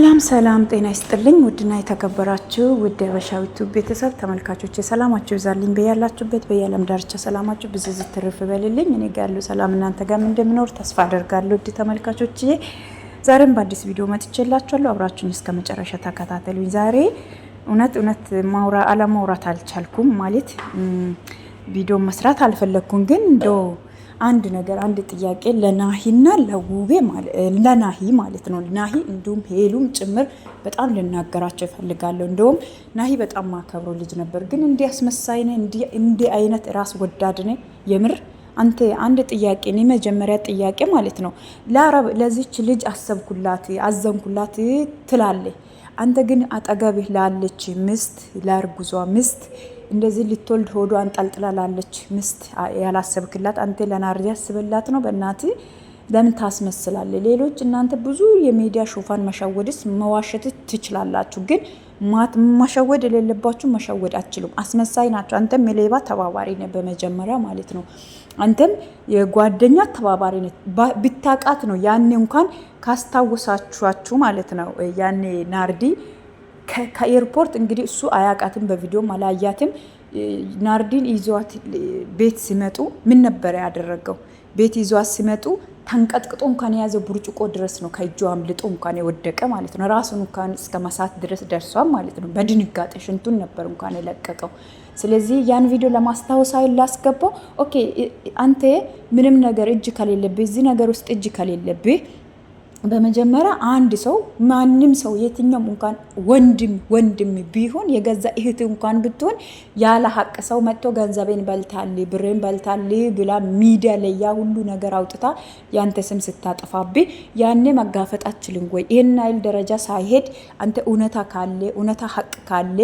ሰላም ሰላም፣ ጤና ይስጥልኝ ውድና የተከበራችሁ ውድ የበሻዊቱ ቤተሰብ ተመልካቾች ሰላማችሁ ይብዛልኝ። በያላችሁበት በየዓለም ዳርቻ ሰላማችሁ ብዙ ዝትርፍ በልልኝ። እኔ ጋር ያለው ሰላም እናንተ ጋርም እንደሚኖር ተስፋ አደርጋለሁ። ውድ ተመልካቾች ዛሬም በአዲስ ቪዲዮ መጥቼላችኋለሁ። አብራችሁኝ እስከ መጨረሻ ተከታተሉኝ። ዛሬ እውነት እውነት አለማውራት አልቻልኩም ማለት ቪዲዮ መስራት አልፈለግኩም ግን እንደው አንድ ነገር አንድ ጥያቄ ለናሂና ለውቤ ለናሂ ማለት ነው። ናሂ እንዲሁም ሄሉም ጭምር በጣም ልናገራቸው ይፈልጋለሁ። እንደውም ናሂ በጣም ማከብሮ ልጅ ነበር፣ ግን እንዲህ አስመሳይ ነ እንዲህ አይነት ራስ ወዳድ ነ የምር አንተ አንድ ጥያቄ ነው የመጀመሪያ ጥያቄ ማለት ነው። ለአረብ ለዚች ልጅ አሰብኩላት፣ አዘንኩላት ትላለ አንተ ግን አጠገብህ ላለች ሚስት፣ ለእርጉዟ ሚስት እንደዚህ ልትወልድ ሆዶ አንጠልጥላላለች ምስት ያላሰብክላት አንተ ለናርዲ ያስበላት ነው። በእናት ለምን ታስመስላለ? ሌሎች እናንተ ብዙ የሚዲያ ሹፋን መሸወድስ መዋሸት ትችላላችሁ፣ ግን ማሸወድ የሌለባችሁ መሸወድ አችሉም። አስመሳይ ናቸው። አንተም የሌባ ተባባሪ ነ በመጀመሪያ ማለት ነው። አንተም የጓደኛ ተባባሪ ነ ብታቃት ነው ያኔ እንኳን ካስታወሳችኋችሁ ማለት ነው ያኔ ናርዲ ከኤርፖርት እንግዲህ እሱ አያቃትም፣ በቪዲዮም አላያትም። ናርዲን ይዟት ቤት ሲመጡ ምን ነበረ ያደረገው? ቤት ይዟት ሲመጡ ተንቀጥቅጦ እንኳን የያዘ ብርጭቆ ድረስ ነው ከእጁ አምልጦ እንኳን የወደቀ ማለት ነው። ራሱን እንኳን እስከ መሳት ድረስ ደርሷል ማለት ነው። በድንጋጤ ሽንቱን ነበር እንኳን የለቀቀው። ስለዚህ ያን ቪዲዮ ለማስታወስ አይ ላስገባው። ኦኬ አንተ ምንም ነገር እጅ ከሌለብህ እዚህ ነገር ውስጥ እጅ ከሌለብህ በመጀመሪያ አንድ ሰው ማንም ሰው የትኛውም እንኳን ወንድም ወንድም ቢሆን የገዛ እህት እንኳን ብትሆን ያለ ሀቅ ሰው መጥቶ ገንዘቤን በልታል፣ ብሬን በልታል ብላ ሚዲያ ላይ ያ ሁሉ ነገር አውጥታ ያንተ ስም ስታጠፋብ ያኔ መጋፈጥ አችልም ወይ? ይህን አይል ደረጃ ሳይሄድ አንተ እውነታ ካለ እውነታ ሀቅ ካለ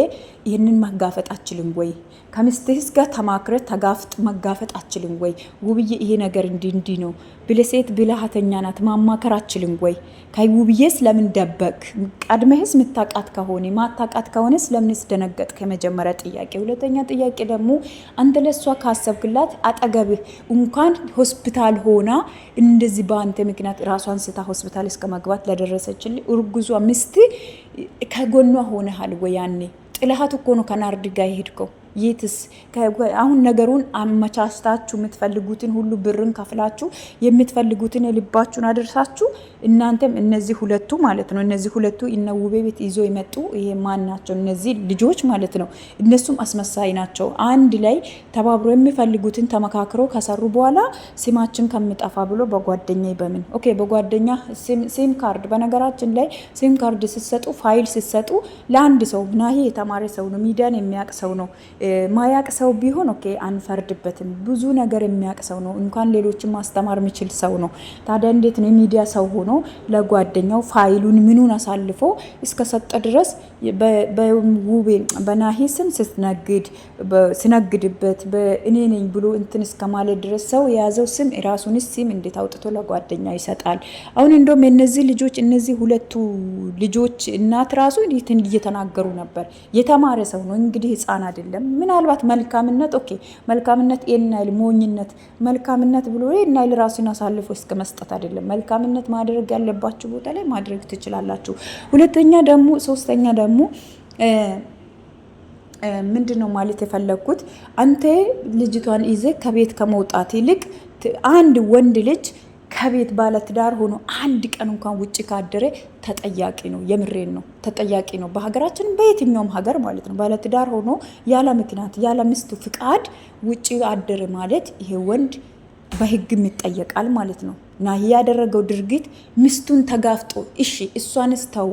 ይህንን መጋፈጥ አችልም ወይ? ከሚስትህስ ጋር ተማክረ ተጋፍጥ መጋፈጥ አችልም ወይ ውብዬ፣ ይሄ ነገር እንዲ እንዲ ነው ብለሴት ብልሃተኛ ናት ማማከር አችልም ወይ? ከውብዬስ ለምን ደበቅ? ቀድመህስ ምታቃት ከሆነ ማታቃት ከሆነስ ለምንስ ደነገጥ? ከመጀመሪያ ጥያቄ። ሁለተኛ ጥያቄ ደግሞ አንተ ለእሷ ካሰብክላት አጠገብህ እንኳን ሆስፒታል ሆና እንደዚህ በአንተ ምክንያት ራሷን ስታ ሆስፒታል እስከ መግባት ለደረሰችል እርጉዟ ሚስት ከጎኗ ሆነሃል ወይ? ያኔ ጥልሃት እኮ ነው ከናርድ ጋር የሄድከው የትስ አሁን ነገሩን አመቻችታችሁ የምትፈልጉትን ሁሉ ብርን ከፍላችሁ የምትፈልጉትን ልባችሁን አደርሳችሁ እናንተም እነዚህ ሁለቱ ማለት ነው እነዚህ ሁለቱ እነ ውቤ ቤት ይዞ የመጡ ይሄ ማን ናቸው? እነዚህ ልጆች ማለት ነው። እነሱም አስመሳይ ናቸው። አንድ ላይ ተባብሮ የሚፈልጉትን ተመካክሮ ከሰሩ በኋላ ስማችን ከምጠፋ ብሎ በጓደኛ በምን ኦኬ፣ በጓደኛ ሲም ካርድ። በነገራችን ላይ ሲም ካርድ ሲሰጡ ፋይል ስትሰጡ ለአንድ ሰው ናሂ የተማረ ሰው ነው፣ ሚዲያን የሚያውቅ ሰው ነው፣ ማያቅ ሰው ቢሆን ኦኬ አንፈርድበትም። ብዙ ነገር የሚያቅ ሰው ነው፣ እንኳን ሌሎችን ማስተማር የሚችል ሰው ነው። ታዲያ እንዴት ነው የሚዲያ ሰው ሆኖ ለጓደኛው ፋይሉን ምኑን አሳልፎ እስከሰጠ ድረስ በውቤ በናሂ ስም ስትነግድ ስነግድበት በእኔ ነኝ ብሎ እንትን እስከማለት ድረስ ሰው የያዘው ስም የራሱን ስም እንዴት አውጥቶ ለጓደኛ ይሰጣል? አሁን እንደውም የነዚህ ልጆች እነዚህ ሁለቱ ልጆች እናት ራሱ እየተናገሩ ነበር። የተማረ ሰው ነው እንግዲህ ህፃን አይደለም ምናልባት መልካምነት ኦኬ፣ መልካምነት የናይል ሞኝነት መልካምነት ብሎ የናይል ራሱን አሳልፎ እስከ መስጠት አይደለም። መልካምነት ማድረግ ያለባችሁ ቦታ ላይ ማድረግ ትችላላችሁ። ሁለተኛ ደግሞ ሶስተኛ ደግሞ ምንድን ነው ማለት የፈለግኩት አንተ ልጅቷን ይዘህ ከቤት ከመውጣት ይልቅ አንድ ወንድ ልጅ ከቤት ባለትዳር ሆኖ አንድ ቀን እንኳን ውጭ ካደረ ተጠያቂ ነው። የምሬን ነው፣ ተጠያቂ ነው። በሀገራችን በየትኛውም ሀገር ማለት ነው። ባለትዳር ሆኖ ያለ ምክንያት ያለ ሚስቱ ፍቃድ ውጭ አደረ ማለት ይሄ ወንድ በህግም ይጠየቃል ማለት ነው። ናሂ ያደረገው ድርጊት ሚስቱን ተጋፍጦ እሺ እሷንስ ተው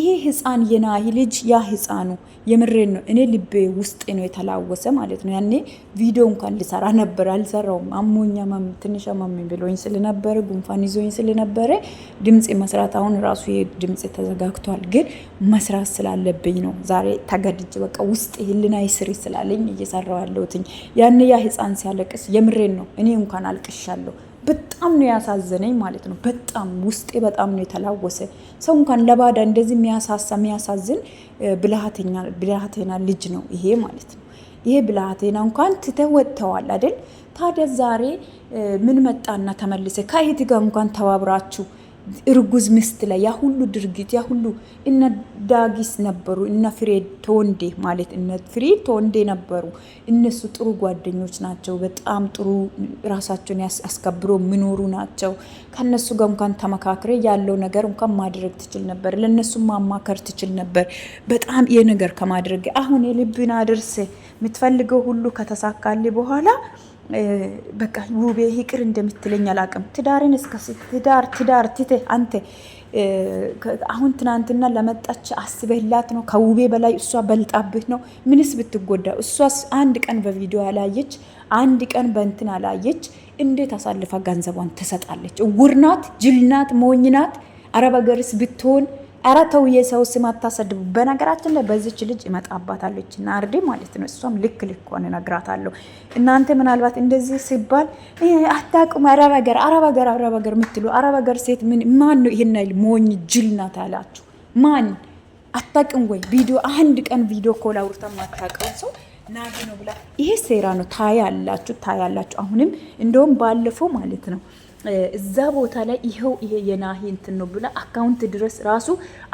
ይሄ ህፃን የናሂ ልጅ ያ ህፃኑ የምሬን ነው። እኔ ልቤ ውስጤ ነው የተላወሰ ማለት ነው። ያኔ ቪዲዮ እንኳን ልሰራ ነበር አልሰራውም። አሞኛ ትንሽ ማም ብሎኝ ስለነበረ ጉንፋን ይዞኝ ስለነበረ ድምፅ መስራት አሁን ራሱ ድምፅ ተዘጋግቷል፣ ግን መስራት ስላለብኝ ነው ዛሬ ተገድጅ በቃ ውስጥ ህልና ይስሪ ስላለኝ እየሰራው ያለሁትኝ። ያኔ ያ ህፃን ሲያለቅስ የምሬን ነው እኔ እንኳን አልቅሻለሁ። በጣም ነው ያሳዘነኝ ማለት ነው። በጣም ውስጤ በጣም ነው የተላወሰ። ሰው እንኳን ለባዳ እንደዚህ የሚያሳሳ የሚያሳዝን ብልሃተኛ ልጅ ነው ይሄ ማለት ነው። ይሄ ብልሃተና እንኳን ትተህ ወጥተዋል አይደል? ታዲያ ዛሬ ምን መጣና ተመልሰ ከእህት ጋር እንኳን ተባብራችሁ እርጉዝ ምስት ላይ ያ ሁሉ ድርጊት ያ ሁሉ እነ ዳጊስ ነበሩ፣ እነ ፍሬድ ተወንዴ ማለት እነ ፍሬድ ተወንዴ ነበሩ። እነሱ ጥሩ ጓደኞች ናቸው። በጣም ጥሩ ራሳቸውን አስከብሮ የሚኖሩ ናቸው። ከነሱ ጋር እንኳን ተመካክረ ያለው ነገር እንኳን ማድረግ ትችል ነበር። ለእነሱ ማማከር ትችል ነበር። በጣም ነገር ከማድረግ አሁን የልብን አድርስ የምትፈልገው ሁሉ ከተሳካል በኋላ በቃ ውቤ ይቅር እንደምትለኝ አላውቅም። ትዳርን እስከ ትዳር ትዳር ትተህ አንተ አሁን ትናንትና ለመጣች አስበህላት ነው? ከውቤ በላይ እሷ በልጣብህ ነው? ምንስ ብትጎዳ? እሷስ አንድ ቀን በቪዲዮ አላየች፣ አንድ ቀን በእንትን አላየች። እንዴት አሳልፋ ገንዘቧን ትሰጣለች? እውር ናት፣ ጅል ናት፣ ሞኝ ናት። አረብ ሀገርስ ብትሆን ኧረ ተው የሰው ስም አታሰድቡ። በነገራችን ላይ በዚች ልጅ እመጣባታለች አርዴ ማለት ነው። እሷም ልክ ልክ ሆነ እነግራታለሁ። እናንተ ምናልባት እንደዚህ ሲባል አታውቁም፣ አረብ ሀገር፣ አረብ ሀገር፣ አረብ ሀገር የምትሉ አረብ ሀገር ሴት ምን ማን ነው ይሄን አይል ሞኝ ጅል ናት ያላችሁ ማን አታውቅም ወይ? ቪዲዮ አንድ ቀን ቪዲዮ ኮል አውርታ ማታውቀው ሰው ናዲ ነው ብላ ይሄ ሴራ ነው። ታያላችሁ፣ ታያላችሁ። አሁንም እንደውም ባለፈው ማለት ነው እዛ ቦታ ላይ ይኸው ይሄ የናሂ እንትን ነው ብላ አካውንት ድረስ ራሱ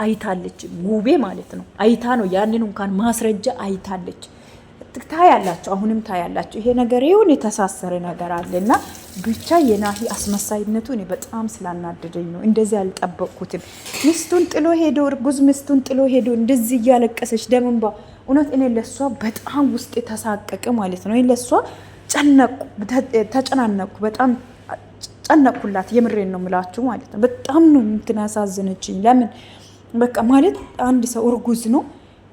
አይታለች። ውቤ ማለት ነው አይታ ነው ያንን እንኳን ማስረጃ አይታለች። ታያላችሁ፣ አሁንም ታያላችሁ። ይሄ ነገር ይሁን የተሳሰረ ነገር አለ እና ብቻ የናሂ አስመሳይነቱ እኔ በጣም ስላናደደኝ ነው። እንደዚህ አልጠበቅኩትም። ሚስቱን ጥሎ ሄዶ እርጉዝ ሚስቱን ጥሎ ሄዶ እንደዚህ እያለቀሰች ደምንባ እውነት እኔ ለሷ በጣም ውስጥ የተሳቀቀ ማለት ነው። ለሷ ጨነቁ፣ ተጨናነቁ በጣም ጨነቅኩላት። የምሬን ነው ምላችሁ ማለት ነው። በጣም ነው እንትን ያሳዝነችኝ። ለምን በቃ ማለት አንድ ሰው እርጉዝ ነው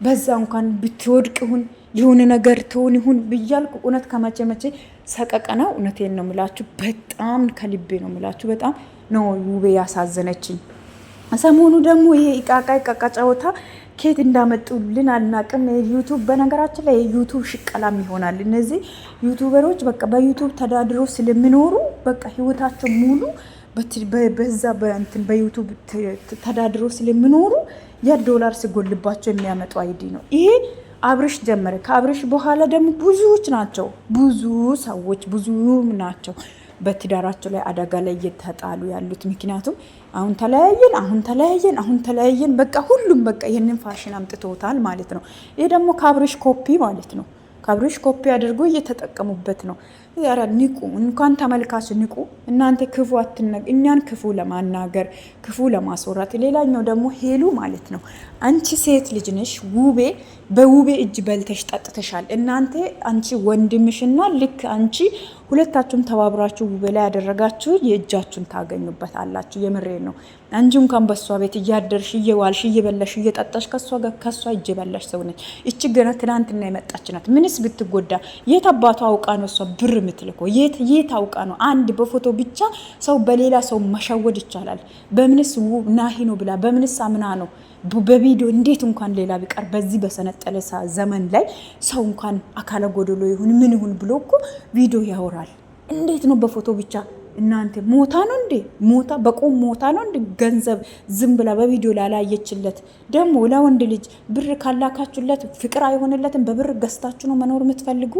በዛ እንኳን ብትወድቅ ይሁን የሆነ ነገር ትሆን ይሁን ብያልኩ እውነት ከመቼ መቼ ሰቀቀና እውነቴን ነው ምላችሁ፣ በጣም ከልቤ ነው ምላችሁ። በጣም ነው ውቤ ያሳዘነችኝ። ሰሞኑ ደግሞ ይሄ ቃቃ ቃቃ ጨዋታ ኬት እንዳመጡልን አልናቅም። ዩቱብ በነገራችን ላይ የዩቱብ ሽቀላም ይሆናል። እነዚህ ዩቱበሮች በቃ በዩቱብ ተዳድሮ ስለሚኖሩ በቃ ህይወታቸው ሙሉ በዛ በእንትን በዩቱብ ተዳድሮ ስለሚኖሩ ያ ዶላር ሲጎልባቸው የሚያመጡ አይዲ ነው ይሄ። አብርሽ ጀመረ። ከአብርሽ በኋላ ደግሞ ብዙዎች ናቸው፣ ብዙ ሰዎች ብዙ ናቸው። በትዳራቸው ላይ አደጋ ላይ እየተጣሉ ያሉት። ምክንያቱም አሁን ተለያየን፣ አሁን ተለያየን፣ አሁን ተለያየን፣ በቃ ሁሉም በቃ ይህንን ፋሽን አምጥቶታል ማለት ነው። ይህ ደግሞ ከአብርሽ ኮፒ ማለት ነው። ከአብርሽ ኮፒ አድርጎ እየተጠቀሙበት ነው። ኧረ ንቁ፣ እንኳን ተመልካች ንቁ። እናንተ ክፉ አትነግ እኛን ክፉ ለማናገር ክፉ ለማስወራት። ሌላኛው ደግሞ ሄሉ ማለት ነው። አንቺ ሴት ልጅ ነሽ፣ ውቤ በውቤ እጅ በልተሽ ጠጥተሻል። እናንተ አንቺ ወንድምሽና ልክ አንቺ ሁለታችሁም ተባብራችሁ ውቤ ላይ ያደረጋችሁ የእጃችሁን ታገኙበት አላችሁ። የምሬ ነው። አንቺ እንኳን በእሷ ቤት እያደርሽ እየዋልሽ እየበላሽ እየጠጣሽ ከእሷ ጋር ከእሷ እጅ የበላሽ ሰው ነች። እች ገና ትናንትና የመጣች ናት። ምንስ ብትጎዳ የት አባቷ አውቃ ነው እሷ ብር የምትልከው? የት አውቃ ነው? አንድ በፎቶ ብቻ ሰው በሌላ ሰው መሸወድ ይቻላል። በምንስ ናሂ ነው ብላ በምንስ አምና ነው? በቪዲዮ እንዴት እንኳን ሌላ ቢቀር በዚህ በሰነጠለ ዘመን ላይ ሰው እንኳን አካለ ጎደሎ ይሁን ምን ይሁን ብሎ እኮ ቪዲዮ ያወራል። እንዴት ነው በፎቶ ብቻ እናንተ ሞታ ነው እንዴ? ሞታ በቁም ሞታ ነው እንዴ? ገንዘብ ዝም ብላ በቪዲዮ ላላየችለት ደግሞ ለወንድ ልጅ ብር ካላካችሁለት ፍቅር አይሆንለትም። በብር ገዝታችሁ ነው መኖር የምትፈልጉ።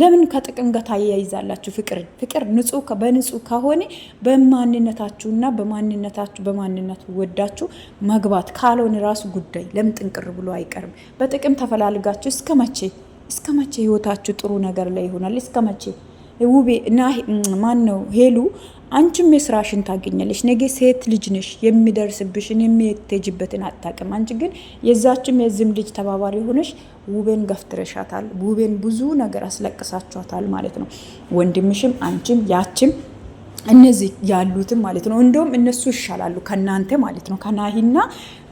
ለምን ከጥቅም ጋር ታያይዛላችሁ? ፍቅር ፍቅር ንጹህ በንጹህ ከሆነ በማንነታችሁና በማንነታችሁ በማንነቱ ወዳችሁ መግባት ካልሆነ ራሱ ጉዳይ ለምን ጥንቅር ብሎ አይቀርም? በጥቅም ተፈላልጋችሁ እስከ መቼ እስከ መቼ ህይወታችሁ ጥሩ ነገር ላይ ይሆናል? እስከ መቼ ውቤ እና ማን ነው ሄሉ አንቺም የስራሽን ታገኛለሽ። ነገ ሴት ልጅ ነሽ፣ የሚደርስብሽን የሚትጅበትን አታውቅም። አንቺ ግን የዛችም የዝም ልጅ ተባባሪ ሆነሽ ውቤን ገፍትረሻታል። ውቤን ብዙ ነገር አስለቅሳችኋታል ማለት ነው። ወንድምሽም አንቺም ያችም እነዚህ ያሉትም ማለት ነው። እንደውም እነሱ ይሻላሉ ከእናንተ ማለት ነው፣ ከናሂና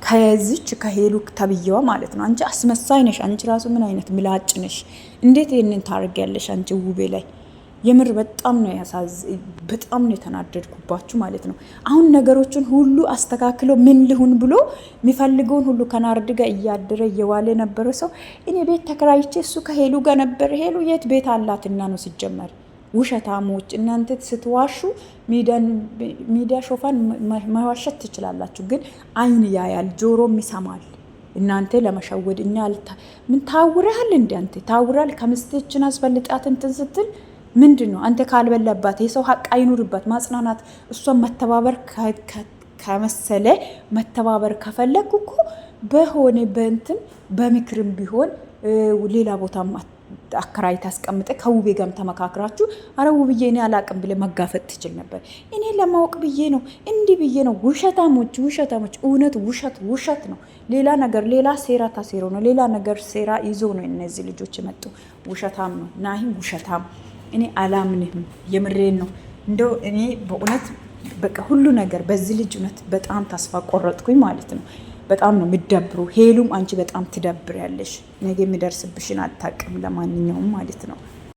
ከዚች ከሄሉ ተብዬዋ ማለት ነው። አንቺ አስመሳይ ነሽ። አንቺ ራሱ ምን አይነት ምላጭ ነሽ? እንዴት ይህንን ታደርጊያለሽ? አንቺ ውቤ ላይ የምር በጣም ነው ያሳዝ በጣም ነው የተናደድኩባችሁ ማለት ነው። አሁን ነገሮችን ሁሉ አስተካክሎ ምን ልሁን ብሎ የሚፈልገውን ሁሉ ከናርድ ጋር እያደረ እየዋለ የነበረ ሰው እኔ ቤት ተከራይቼ እሱ ከሄሉ ጋር ነበር። ሄሉ የት ቤት አላትና ነው ሲጀመር። ውሸታሞች እናንተ ስትዋሹ ሚዲያ ሾፋን መዋሸት ትችላላችሁ፣ ግን አይን ያያል ጆሮም ይሰማል። እናንተ ለመሸወድ እኛ ምን ታውረሃል? እንደ አንተ ታውራል። ከምስትችን አስፈልጣት እንትን ስትል ምንድን ነው አንተ ካልበላባት የሰው ሀቅ አይኑርባት ማጽናናት እሷን መተባበር ከመሰለ መተባበር ከፈለግ እኮ በሆነ በእንትን በምክርም ቢሆን ሌላ ቦታ አከራይ ታስቀምጠ ከውቤ ጋርም ተመካክራችሁ አረ ውብዬ እኔ አላቅም ብለ መጋፈጥ ትችል ነበር። እኔ ለማወቅ ብዬ ነው እንዲህ ብዬ ነው። ውሸታሞች ውሸታሞች፣ እውነት ውሸት ውሸት ነው። ሌላ ነገር ሌላ ሴራ ታሴሮ ነው። ሌላ ነገር ሴራ ይዞ ነው እነዚህ ልጆች የመጡ ውሸታም ነው ናይም ውሸታም እኔ አላምንህም። የምሬን ነው። እንደው እኔ በእውነት በቃ ሁሉ ነገር በዚህ ልጅ እውነት በጣም ተስፋ ቆረጥኩኝ ማለት ነው። በጣም ነው የምደብሩ። ሄሉም አንቺ በጣም ትደብር ያለሽ ነገ የሚደርስብሽን አታውቅም። ለማንኛውም ማለት ነው